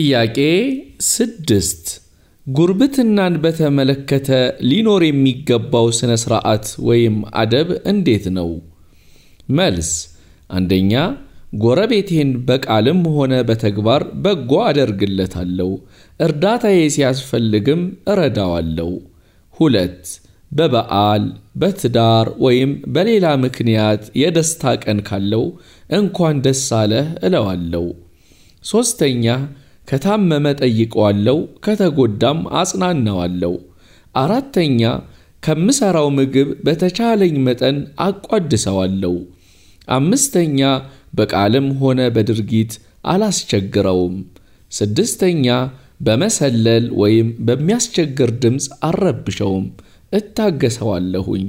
ጥያቄ ስድስት ጉርብትናን በተመለከተ ሊኖር የሚገባው ሥነ ሥርዓት ወይም አደብ እንዴት ነው? መልስ፣ አንደኛ ጎረቤቴን በቃልም ሆነ በተግባር በጎ አደርግለታለሁ፣ እርዳታዬ ሲያስፈልግም እረዳዋለሁ። ሁለት በበዓል፣ በትዳር ወይም በሌላ ምክንያት የደስታ ቀን ካለው እንኳን ደስ አለህ እለዋለሁ። ሦስተኛ ከታመመ ጠይቀዋለው፣ ከተጎዳም አጽናናዋለሁ። አራተኛ ከምሰራው ምግብ በተቻለኝ መጠን አቋድሰዋለሁ። አምስተኛ በቃልም ሆነ በድርጊት አላስቸግረውም። ስድስተኛ በመሰለል ወይም በሚያስቸግር ድምፅ አልረብሸውም፣ እታገሰዋለሁኝ።